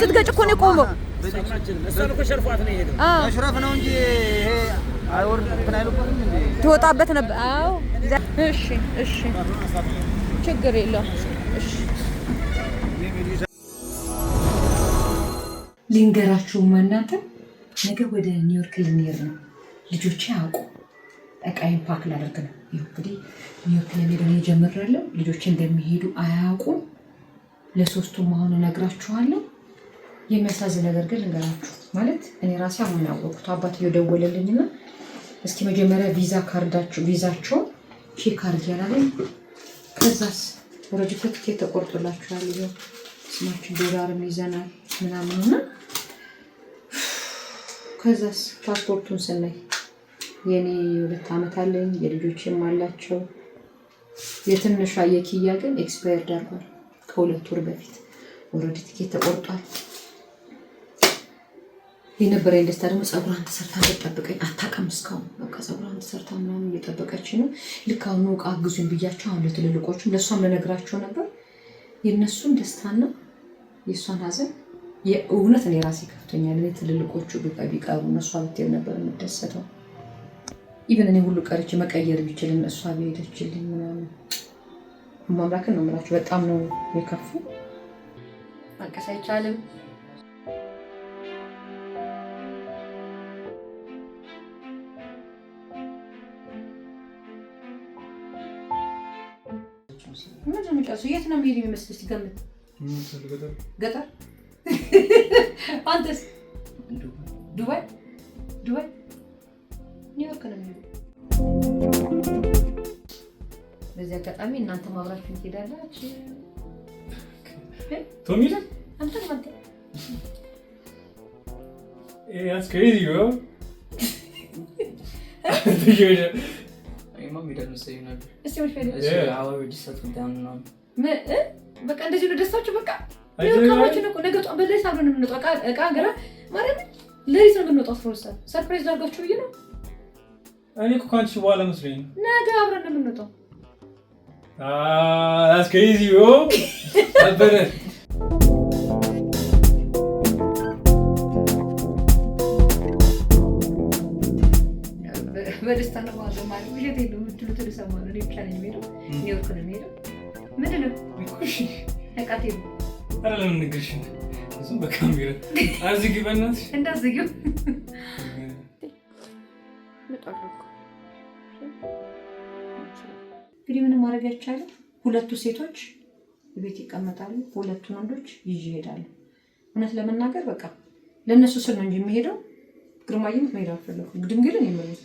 ስትገጭ እኮ ነው የቆመው። መሽረፍ ነው እንጂ ይሄ ትወጣበት ነበር። አዎ፣ እሺ፣ እሺ፣ ችግር የለውም። እሺ ልንገራችሁማ ነገ ወደ ኒውዮርክ ልንሄድ ነው። ልጆቼ አውቁ እቃዬን ፓክ ላደርግ ነው። ይኸው እንግዲህ ኒውዮርክ ለመሄድ እኔ ጀምሬያለሁ። ልጆቼ እንደሚሄዱ አያውቁም። ለሶስቱም አሁን እነግራችኋለሁ። የሚያሳዝን ነገር ግን ልንገራችሁ ማለት እኔ ራሴ አሁን ያወቅኩት አባትየው ደወለልኝና እስኪ መጀመሪያ ቪዛ ካርዳቸው ቪዛቸው ቼክ ካርድ ያላለኝ። ከዛስ ወረጅ ትኬት ተቆርጦላችኋል፣ ይኸው ስማችን ዶላርም ይዘናል ምናምን ከዛስ ፓስፖርቱን ስናይ የእኔ ሁለት ዓመት አለኝ የልጆችም አላቸው። የትንሿ የኪያ ግን ኤክስፓየርድ አርጓል ከሁለት ወር በፊት ወረድ ትኬት ተቆርጧል። የነበረ ደስታ ደግሞ ፀጉሯን ተሰርታ እንደጠበቀኝ አታውቅም። እስካሁን በቃ ፀጉሯን ተሰርታ ምናምን እየጠበቀች ነው። ልክ አሁን ዕቃ ግዙኝ ብያቸው አሁን ለትልልቆቹም ለእሷም ለነግራቸው ነበር። የእነሱን ደስታና የእሷን ሀዘን እውነት እኔ ራሴ ከፍተኛል። እኔ ትልልቆቹ ቢቀሩ እነሷ ብትሄድ ነበር የምደሰተው። ኢቨን እኔ ሁሉ ቀርች መቀየር ቢችል እሷ ብሄደችልኝ ምናምን ማምላክን ነው የምላቸው። በጣም ነው የከፉ። ማልቀስ አይቻልም። ምንድን ነው የሚጨርሰው? የት ነው የሚሄድ የሚመስል? ሲገምት ገጠር። አንተስ? ዱባይ። ዱባይ፣ ኒውዮርክ ነው በዚህ አጋጣሚ እናንተ ማብራችሁ ትሄዳላችሁ። ቶሚ አንተ አንተ Yeah, that's ሲሆን እንደዚህ ነው ደስታችሁ። በቃ ካማችን ነገ በላይ ሳብሎ ነው የምንወጣው። እቃ ገራ ማለት ለሊት ነው የምንወጣው። አስራ ሰርፕራይዝ ላድርጋችሁ ብዬ ነው። እኔ እኮ ከአንቺ በኋላ መስሎኝ ነገ አብረን ነው የምንወጣው። አስከዚ ah, ነበረ በደስታ ነው ማለት ውሸት የለውም ሆቴሉ ሰሞኑ እኔ ብቻ ነኝ የሚሄደው ኒውዮርክ ነው የሚሄደው። ምንድን ነው ነቃቴ ነው ኧረ ለምን ንግርሽ እሱም በካሜራ አዝጊ በእናትሽ እንዳዝጊው እንግዲህ ምንም ማድረግ አይቻልም። ሁለቱ ሴቶች ቤት ይቀመጣሉ፣ ሁለቱን ወንዶች ይዤ ይሄዳሉ። እውነት ለመናገር በቃ ለእነሱ ስል ነው እንጂ የሚሄደው ግርማዬን መሄድ አልፈለኩም። ድንግልን የምሉት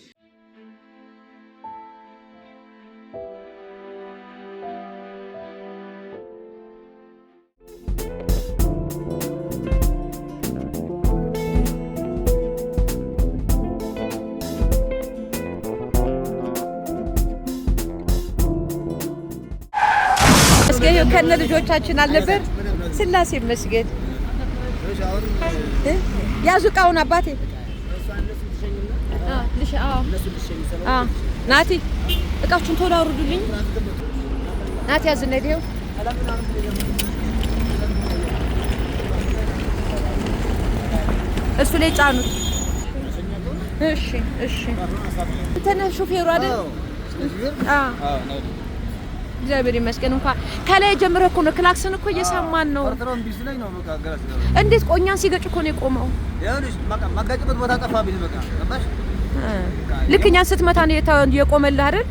ከነ ልጆቻችን አልነበር? ስላሴ ይመስገን። ያዙ እቃውን አባቴ ናቲ እቃችሁን ቶሎ አውርዱልኝ። ናቲ ያዝና ይኸው እሱ ላይ ጫኑት። እሺ እሺ፣ እንትን ሹፌሩ አይደል? አዎ፣ እግዚአብሔር ይመስገን እንኳን ከላይ ጀምረህ እኮ ነው ክላክስን እኮ እየሰማን ነው። እንዴት ቆኛን ሲገጭ እኮ ነው የቆመው። ማጋጭበት ቦታ ጠፋብኝ። በቃ ልክ እኛን ስትመታ ነው የቆመልህ አይደል?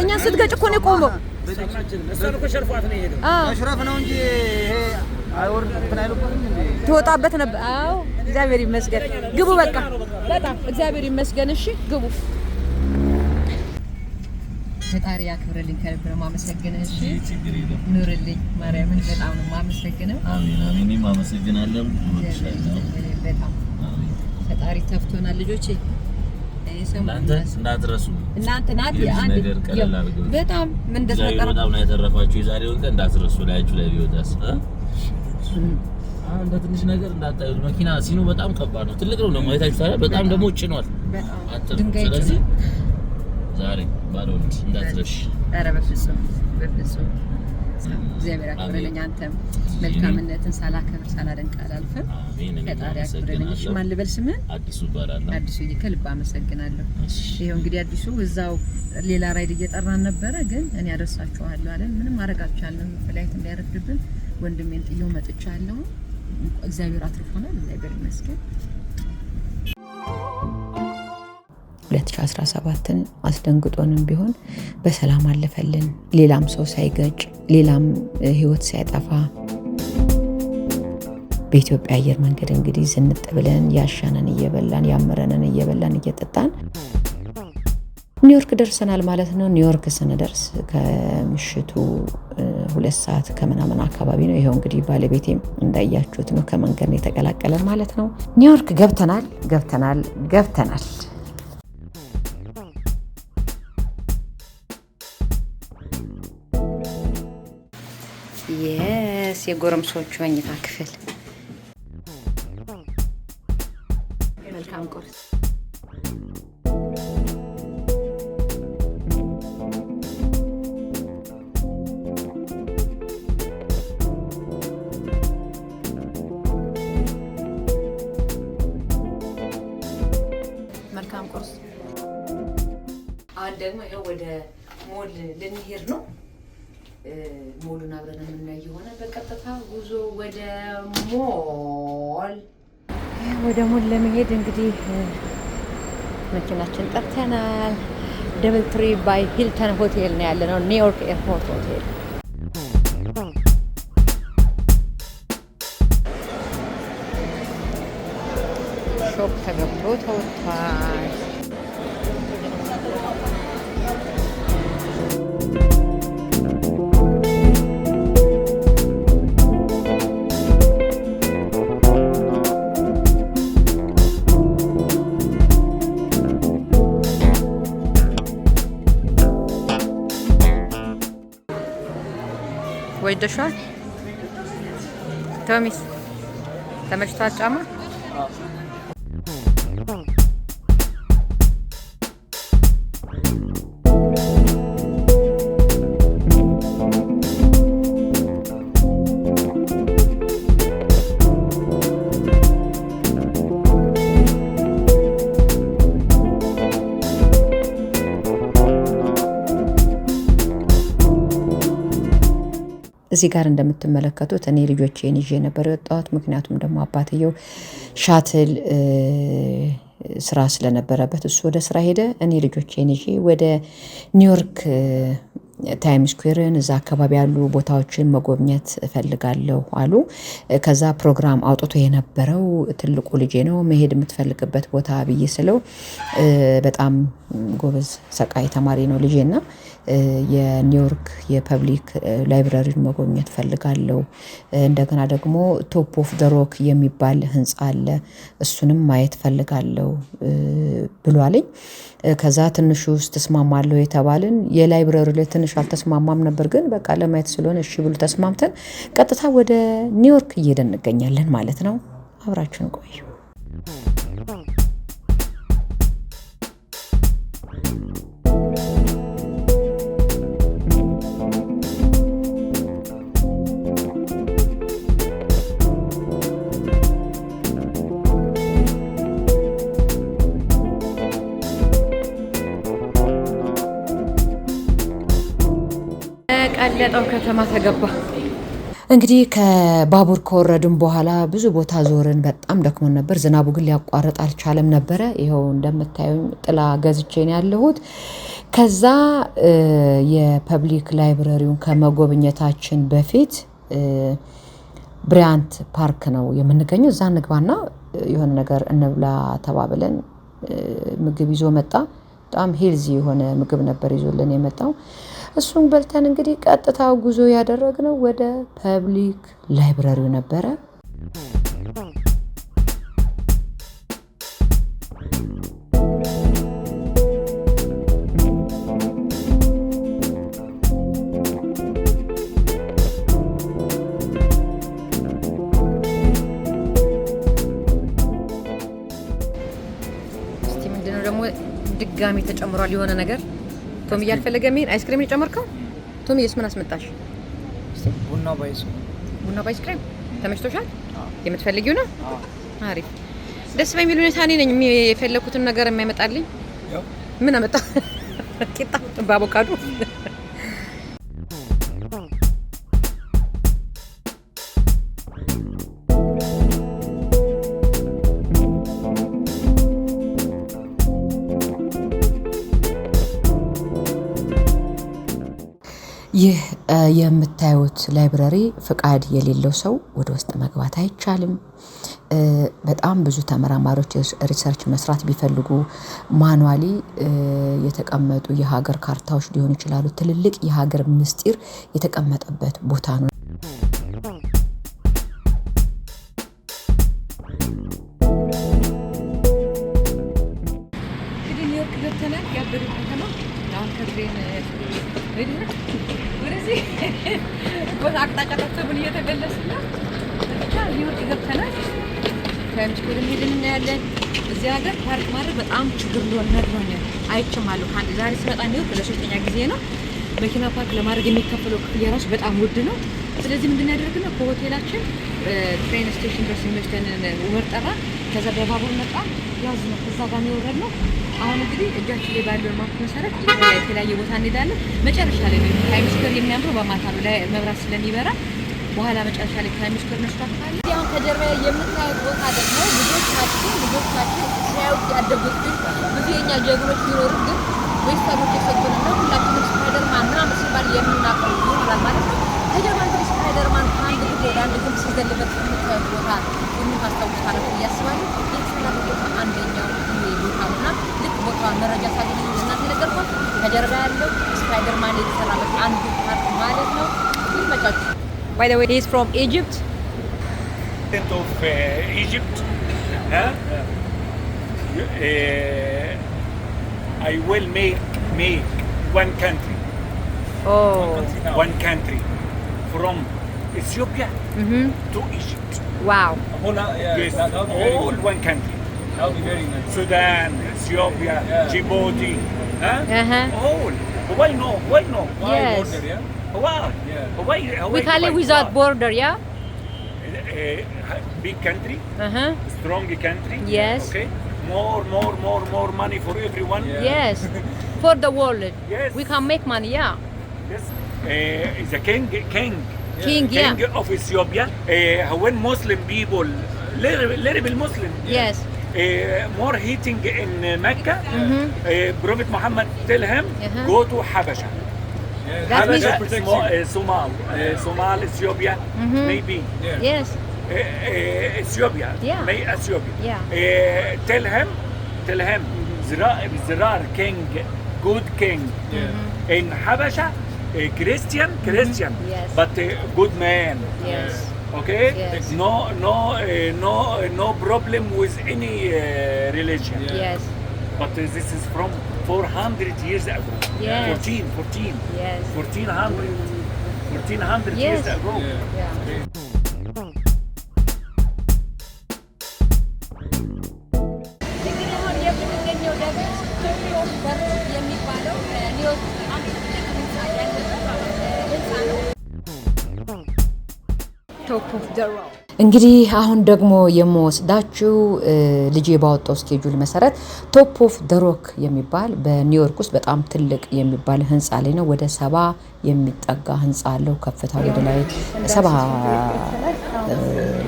እኛን ስትገጭ እኮ ነው የቆመው። መሽረፍ ነው እንጂ ትወጣበት ነበር። አዎ፣ እግዚአብሔር ይመስገን። ግቡ በቃ በጣም እግዚአብሔር ይመስገን። እሺ ግቡ። ፈጣሪ ያክብርልኝ። ከልብ ነው የማመሰግነው። እሺ ኑርልኝ። ማርያምን በጣም ነው የማመሰግነው። አሜን አሜን። እኔም በጣም ፈጣሪ ተፍቶናል ልጆቼ እናንተ ናት ነገር ቀለል አድርገው በጣም ምን በጣም ነው ያተረፋችሁ። የዛሬውን ቀን እንዳትረሱ። ላያችሁ ላይ ቢወጣስ እንደ ትንሽ ነገር እንዳታዩት። መኪና ሲኖ በጣም ከባድ ነው፣ ትልቅ ነው። ለማየታችሁ ታዲያ በጣም ደግሞ ጭኗል። ስለዚህ ዛሬ ባለወልድ እንዳትረሽ። ኧረ በፍጹም በፍጹም እግዚአብሔር አክብርልኝ። አንተም መልካምነትን ሳላከብር ሳላደንቅ አላልፍም። ፈጣሪ አክብርልኝ። እሺ ማን ልበል ስምህን? አዲሱ እባላለሁ። አዲሱ ከልብ አመሰግናለሁ። ይኸው እንግዲህ አዲሱ እዛው ሌላ ራይድ እየጠራን ነበረ፣ ግን እኔ አደርሳችኋለሁ አለን። ምንም ማድረግ አልቻልንም፣ ፍላይት እንዳይረፍድብን ወንድሜን ጥዬው መጥቻለሁ። እግዚአብሔር አትርፎናል። እግዚአብሔር ይመስገን። 2017ን አስደንግጦንም ቢሆን በሰላም አለፈልን። ሌላም ሰው ሳይገጭ፣ ሌላም ህይወት ሳይጠፋ በኢትዮጵያ አየር መንገድ እንግዲህ ዝንጥ ብለን ያሻነን እየበላን ያመረንን እየበላን እየጠጣን ኒውዮርክ ደርሰናል ማለት ነው። ኒውዮርክ ስንደርስ ከምሽቱ ሁለት ሰዓት ከምናምን አካባቢ ነው። ይኸው እንግዲህ ባለቤቴም እንዳያችሁት ነው ከመንገድ የተቀላቀለን ማለት ነው። ኒውዮርክ ገብተናል ገብተናል ገብተናል። ድረስ የጎረምሶቹ መኝታ ክፍል መልካም ቁርስ መልካም ቁርስ አሁን ደግሞ ወደ ሞል ልንሄድ ነው ሞሉን አብረን የምናይ የሆነ በቀጥታ ጉዞ ወደ ሞል ወደ ሞል ለመሄድ እንግዲህ መኪናችን ጠርተናል። ደብል ትሪ ባይ ሂልተን ሆቴል ነው ያለነው ኒውዮርክ ኤርፖርት ሆቴል ወደሻል? ቶሚስ ተመችቷል ጫማ እዚህ ጋር እንደምትመለከቱት እኔ ልጆቼን ይዤ ነበር የወጣሁት። ምክንያቱም ደግሞ አባትየው ሻትል ስራ ስለነበረበት እሱ ወደ ስራ ሄደ። እኔ ልጆቼን ይዤ ወደ ኒውዮርክ ታይም ስኩዌርን እዛ አካባቢ ያሉ ቦታዎችን መጎብኘት እፈልጋለሁ አሉ። ከዛ ፕሮግራም አውጥቶ የነበረው ትልቁ ልጄ ነው መሄድ የምትፈልግበት ቦታ ብዬ ስለው በጣም ጎበዝ ሰቃይ ተማሪ ነው ልጄና የኒውዮርክ የፐብሊክ ላይብረሪን መጎብኘት ፈልጋለው እንደገና ደግሞ ቶፕ ኦፍ ዘ ሮክ የሚባል ህንፃ አለ እሱንም ማየት ፈልጋለው ብሏልኝ ከዛ ትንሹ ውስጥ ተስማማለሁ የተባልን የላይብረሪው ላይ ትንሽ አልተስማማም ነበር ግን በቃ ለማየት ስለሆነ እሺ ብሎ ተስማምተን ቀጥታ ወደ ኒውዮርክ እየሄደን እንገኛለን ማለት ነው። አብራችሁን ቆዩ። በለጠው ከተማ ተገባ። እንግዲህ ከባቡር ከወረድን በኋላ ብዙ ቦታ ዞርን። በጣም ደክሞን ነበር። ዝናቡ ግን ሊያቋርጥ አልቻለም ነበረ። ይኸው እንደምታዩኝ ጥላ ገዝቼ ነው ያለሁት። ከዛ የፐብሊክ ላይብረሪውን ከመጎብኘታችን በፊት ብሪያንት ፓርክ ነው የምንገኘው። እዛ እንግባና የሆነ ነገር እንብላ ተባብለን ምግብ ይዞ መጣ። በጣም ሄልዚ የሆነ ምግብ ነበር ይዞልን የመጣው። እሱን በልተን እንግዲህ ቀጥታ ጉዞ ያደረግነው ወደ ፐብሊክ ላይብረሪው ነበረ። ድጋሚ ተጨምሯል የሆነ ነገር ቶም እያልፈለገ መሄድ አይስክሪም የጨመርከው ቶም እየስ ምን አስመጣሽ? ቡና ባይስ ቡና ባይስክሪም ተመችቶሻል? የምትፈልጊው ነው? አሪፍ ደስ በሚል ሁኔታ እኔ ነኝ የፈለኩትን ነገር የማይመጣልኝ። ምን አመጣ? ቂጣ በአቮካዶ ይህ የምታዩት ላይብረሪ ፍቃድ የሌለው ሰው ወደ ውስጥ መግባት አይቻልም። በጣም ብዙ ተመራማሪዎች ሪሰርች መስራት ቢፈልጉ ማኗሊ የተቀመጡ የሀገር ካርታዎች ሊሆኑ ይችላሉ። ትልልቅ የሀገር ምስጢር የተቀመጠበት ቦታ ነው። ለማድረግ የሚከፈለው ክፍያ ራሱ በጣም ውድ ነው። ስለዚህ ምንድን ነው ከሆቴላችን ትሬን ስቴሽን ድረስ የሚወስደንን ውበር ጠራ። ከዛ በባቡር መጣ ያዝ ነው። ከዛ ጋር የሚወረድ ነው። አሁን እንግዲህ እጃችን ላይ ባለው ማፕ መሰረት የተለያየ ቦታ እንሄዳለን። መጨረሻ ላይ ነው ታይም ስኩዌር የሚያምረው በማታ ነው ላይ መብራት ስለሚበራ በኋላ መጨረሻ ላይ ታይም ስኩዌር ነስቷል። አሁን ከጀርባ የምታዩት ቦታ ደግሞ ልጆቻችን ልጆቻችን ሲያዩት ያደጉት ግን ብዙ የኛ ጀግኖች ቢኖሩ ግን ቤተሰቦች የሰጡን ነው ሁላችን ስፓይደርማን ምናምን ሲባል የምናውቀው ማለት ነው። ተጀማንተን ስፓይደርማን ከአንድ ግብ ወደ አንድ ሲዘልበት ቦታ የምታስታውሱት አለ ብዬ አስባለሁ። ቦታ አንደኛው ቦታ ነው ልክ ቦታ መረጃ ሳገኝ እናንተ ነገርኳት። ከጀርባ ያለው ስፓይደርማን የተሰራበት አንዱ ፓርት ማለት ነው። ይመቻችሁ። By the way, he's from Egypt. Of uh, Egypt. Huh? Uh, I will make make one country. Oh. One country from Ethiopia mm-hmm. to Egypt. Wow. Yes, all one country. Nice. Sudan, Ethiopia, yeah. Djibouti, huh? uh-huh. all. Why no? Why no? Why yes. border, yeah? Uh, why? Yeah. Why, why, we call it without border, yeah? A, uh, a uh, big country, uh-huh. strong country. Yes. Okay. More, more, more, more money for everyone. Yeah. Yes. for the world. Yes. We can make money, yeah. this uh, the king king king, king yeah. of Ethiopia uh, when Muslim people little, little bit Muslim yes uh, more heating in Mecca mm-hmm. uh, Prophet Muhammad tell him uh-huh. go to Habasha that means uh, Somal, uh, Somal, Ethiopia, mm-hmm. maybe. Yeah. Yes. Uh, uh, Ethiopia. Yeah. May Ethiopia. Yeah. Uh, tell him, tell him, mm-hmm. there, are, there are king, good king yeah. in Habasha. a eh, Christian, mm-hmm. Christian, yes. but a good man. Yes. Eh, okay. Yes. No, no, uh, no, no problem with any uh, religion. Yes. But uh, this is from 400 years ago. Yes. 14, 14. Yes. 1400. 1400 yes. years ago. Yeah. Yeah. እንግዲህ አሁን ደግሞ የምወስዳችሁ ልጄ ባወጣው ስኬጁል መሰረት ቶፕ ኦፍ ደሮክ የሚባል በኒውዮርክ ውስጥ በጣም ትልቅ የሚባል ህንፃ ላይ ነው። ወደ ሰባ የሚጠጋ ህንፃ አለው። ከፍታ ወደ ላይ ሰባ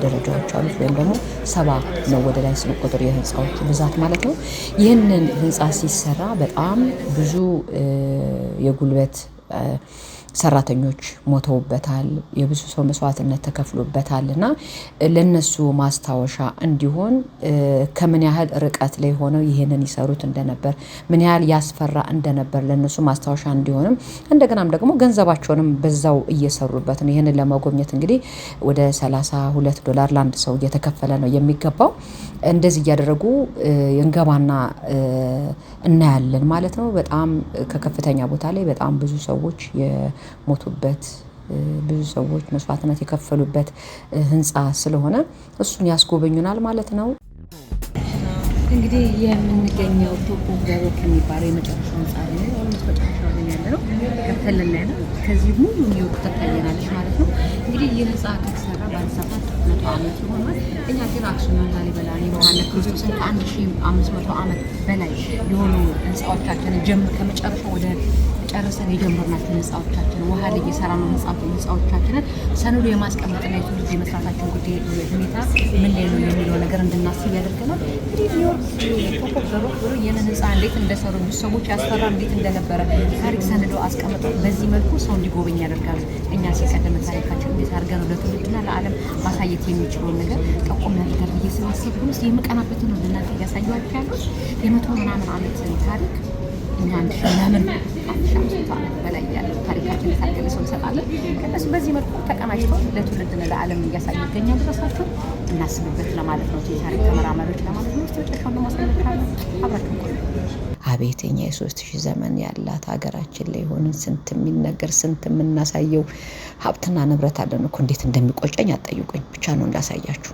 ደረጃዎች አሉት፣ ወይም ደግሞ ሰባ ነው ወደ ላይ ስንቆጥር የህንፃዎቹ ብዛት ማለት ነው። ይህንን ህንፃ ሲሰራ በጣም ብዙ የጉልበት ሰራተኞች ሞተውበታል። የብዙ ሰው መስዋዕትነት ተከፍሎበታል እና ለነሱ ማስታወሻ እንዲሆን ከምን ያህል ርቀት ላይ ሆነው ይህንን ይሰሩት እንደነበር ምን ያህል ያስፈራ እንደነበር ለነሱ ማስታወሻ እንዲሆንም እንደገናም ደግሞ ገንዘባቸውንም በዛው እየሰሩበት ነው። ይህንን ለመጎብኘት እንግዲህ ወደ 32 ዶላር ለአንድ ሰው እየተከፈለ ነው የሚገባው። እንደዚህ እያደረጉ እንገባና እናያለን ማለት ነው። በጣም ከከፍተኛ ቦታ ላይ በጣም ብዙ ሰዎች ሞቱበት ብዙ ሰዎች መስዋዕትነት የከፈሉበት ህንፃ ስለሆነ እሱን ያስጎበኙናል ማለት ነው። እንግዲህ የምንገኘው ቶፖ ዘሮክ የሚባለው የመጨረሻ ህንፃ ላይ ኦልሞስት መጨረሻ ላይ ያለ ነው። ከፍተልን ላይ ነው። ከዚህ ሙሉ ታያናለች ማለት ነው። እንግዲህ ይህ ህንፃ ከተሰራ ባለሰባት ዓመት ሆኖ እኛ ግን አክሱም ላሊበላን የመሐለ ክርስቶስን ከአንድ ሺህ አምስት መቶ ዓመት በላይ የሆኑ ህንፃዎቻችን ጀምር ከመጨረሻ ወደ ጨርሰን የጀመርናቸው ህንፃዎቻችን ውሃ ላይ የሰራ ነው ህንፃዎቻችንን ሰነዱ የማስቀመጥና የትውልድ የመስራታችን ጉዳይ ሁኔታ ምን ላይ ነው የሚለው ነገር እንድናስብ ያደርገናል። እንግዲህ ኒውዮርክ ኮኮብ ብሎ ይህንን ህንፃ እንዴት እንደሰሩ ሰዎች ያስፈራ እንዴት እንደነበረ ታሪክ ሰነዶ አስቀምጠው በዚህ መልኩ ሰው እንዲጎበኝ ያደርጋሉ። እኛ ሲቀደመ ታሪካችን እንዴት አድርገን ለትውልድና ለዓለም ማሳየት የሚችለውን ነገር ጠቆም ያደርጋል ብዬ ስላሰብኩ ስ የምቀናበት ነው ለእናንተ እያሳየኋችሁ ያሉት የመቶ ምናምን ዓመት ታሪክ እኛ አንድ ሺ ምናምን በላይ ያለው ታሪካችን የታገለ ሰው እንሰጣለን። እነሱ በዚህ መልኩ ተቀናጅተው ለትውልድ ለዓለም እያሳዩ ይገኛል። ድረሳቸው እናስብበት ለማለት ነው። ታሪክ ተመራማሪዎች ለማለት ነው። ስ መጨረሻውን ለማሳየት ካለ አብራችሁ ቆዩ። አቤት የሶስት ሺህ ዘመን ያላት ሀገራችን ላይ የሆነ ስንት የሚነገር ስንት የምናሳየው ሀብትና ንብረት አለን እኮ እንዴት እንደሚቆጨኝ አጠይቁኝ ብቻ ነው እንዳሳያችሁ።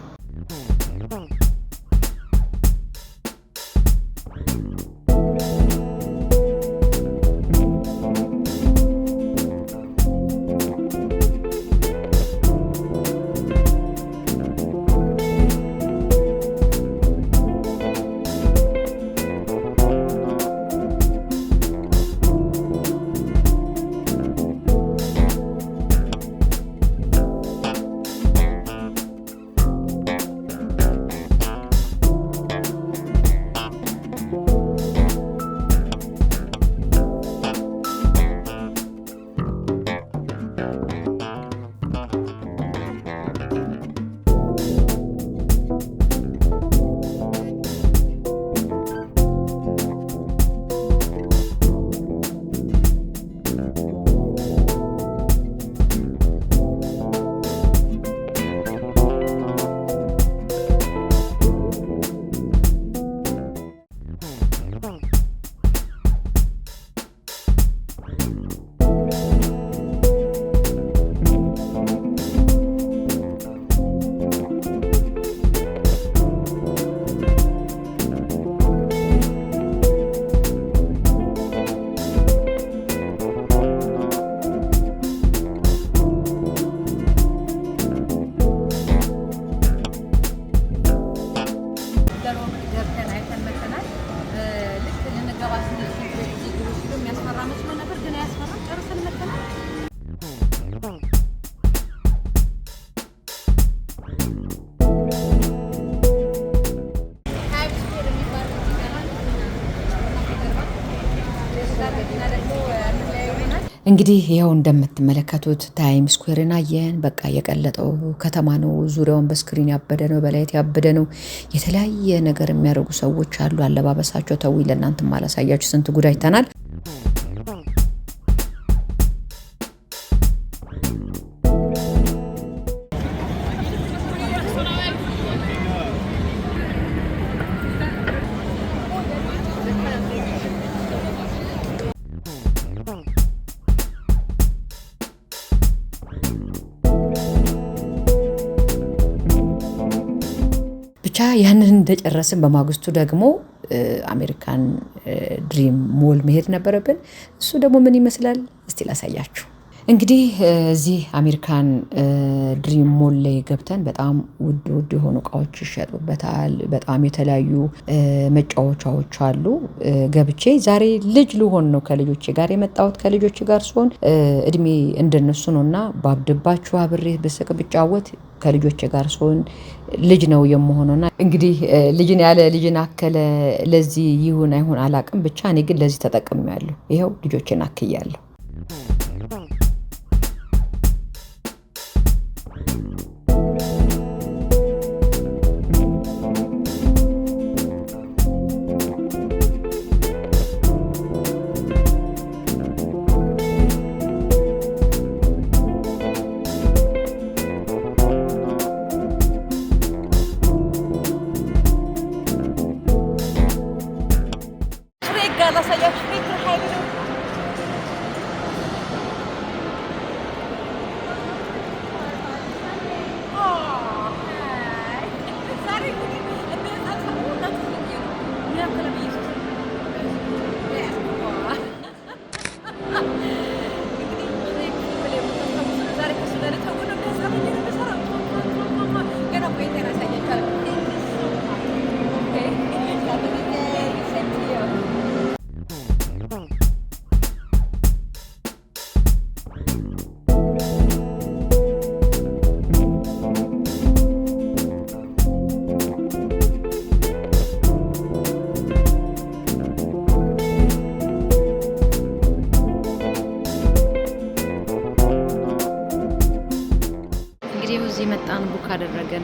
እንግዲህ ይኸው እንደምትመለከቱት ታይም ስኩዌርን አየን። በቃ የቀለጠው ከተማ ነው። ዙሪያውን በስክሪን ያበደ ነው፣ በላይት ያበደ ነው። የተለያየ ነገር የሚያደርጉ ሰዎች አሉ። አለባበሳቸው ተዊ ለእናንተ ማላሳያችሁ ስንት ጉዳይ ተናል። ያንን እንደጨረስን በማግስቱ ደግሞ አሜሪካን ድሪም ሞል መሄድ ነበረብን። እሱ ደግሞ ምን ይመስላል እስቲ ላሳያችሁ። እንግዲህ እዚህ አሜሪካን ድሪም ሞል ላይ ገብተን በጣም ውድ ውድ የሆኑ እቃዎች ይሸጡበታል። በጣም የተለያዩ መጫወቻዎች አሉ። ገብቼ ዛሬ ልጅ ልሆን ነው ከልጆቼ ጋር የመጣሁት። ከልጆቼ ጋር ሲሆን እድሜ እንደነሱ ነው እና ባብድባችሁ አብሬ ብስቅ ብጫወት ከልጆች ጋር ሲሆን ልጅ ነው የምሆነውና እንግዲህ ልጅን ያለ ልጅን አከለ ለዚህ ይሁን አይሁን አላቅም ብቻ እኔ ግን ለዚህ ተጠቅሜያለሁ። ይኸው ልጆችን አክያለሁ።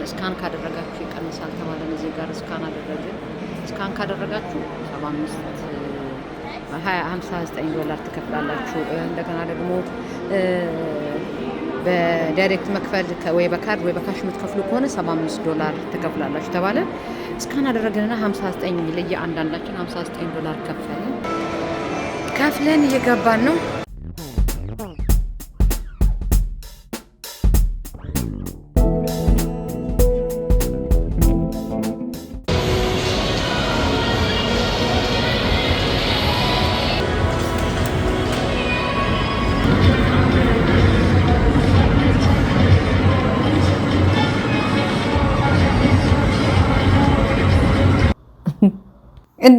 እስካን ካደረጋችሁ ይቀንሳል ተባለን። እዚህ ጋር እስካን አደረግን። እስካን ካደረጋችሁ 59 ዶላር ትከፍላላችሁ። እንደገና ደግሞ በዳይሬክት መክፈል ወይ በካርድ ወይ በካሽ የምትከፍሉ ከሆነ 75 ዶላር ትከፍላላችሁ ተባለ። እስካን አደረግንና 59 ለየ አንዳንዳችን 59 ዶላር ከፈልን ከፍለን እየገባን ነው።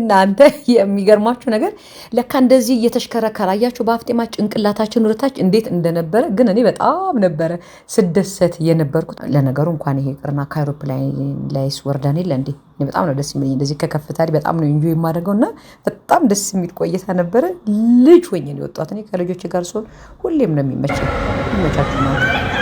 እናንተ የሚገርማችሁ ነገር ለካ እንደዚህ እየተሽከረከረ አያችሁ፣ በአፍጤማ ጭንቅላታችን ወደታች እንዴት እንደነበረ ግን እኔ በጣም ነበረ ስደሰት የነበርኩት። ለነገሩ እንኳን ይሄ ቅርና ከአይሮፕላን ላይስ ወርደን የለ እንዴ በጣም ነው ደስ የሚለኝ እንደዚህ ከከፍታ በጣም ነው እንጆ የማደርገው እና በጣም ደስ የሚል ቆይታ ነበረ። ልጅ ሆኜ ነው የወጣሁት እኔ ከልጆቼ ጋር ሲሆን ሁሌም ነው የሚመቸኝ። ይመቻችሁ ማለት ነው።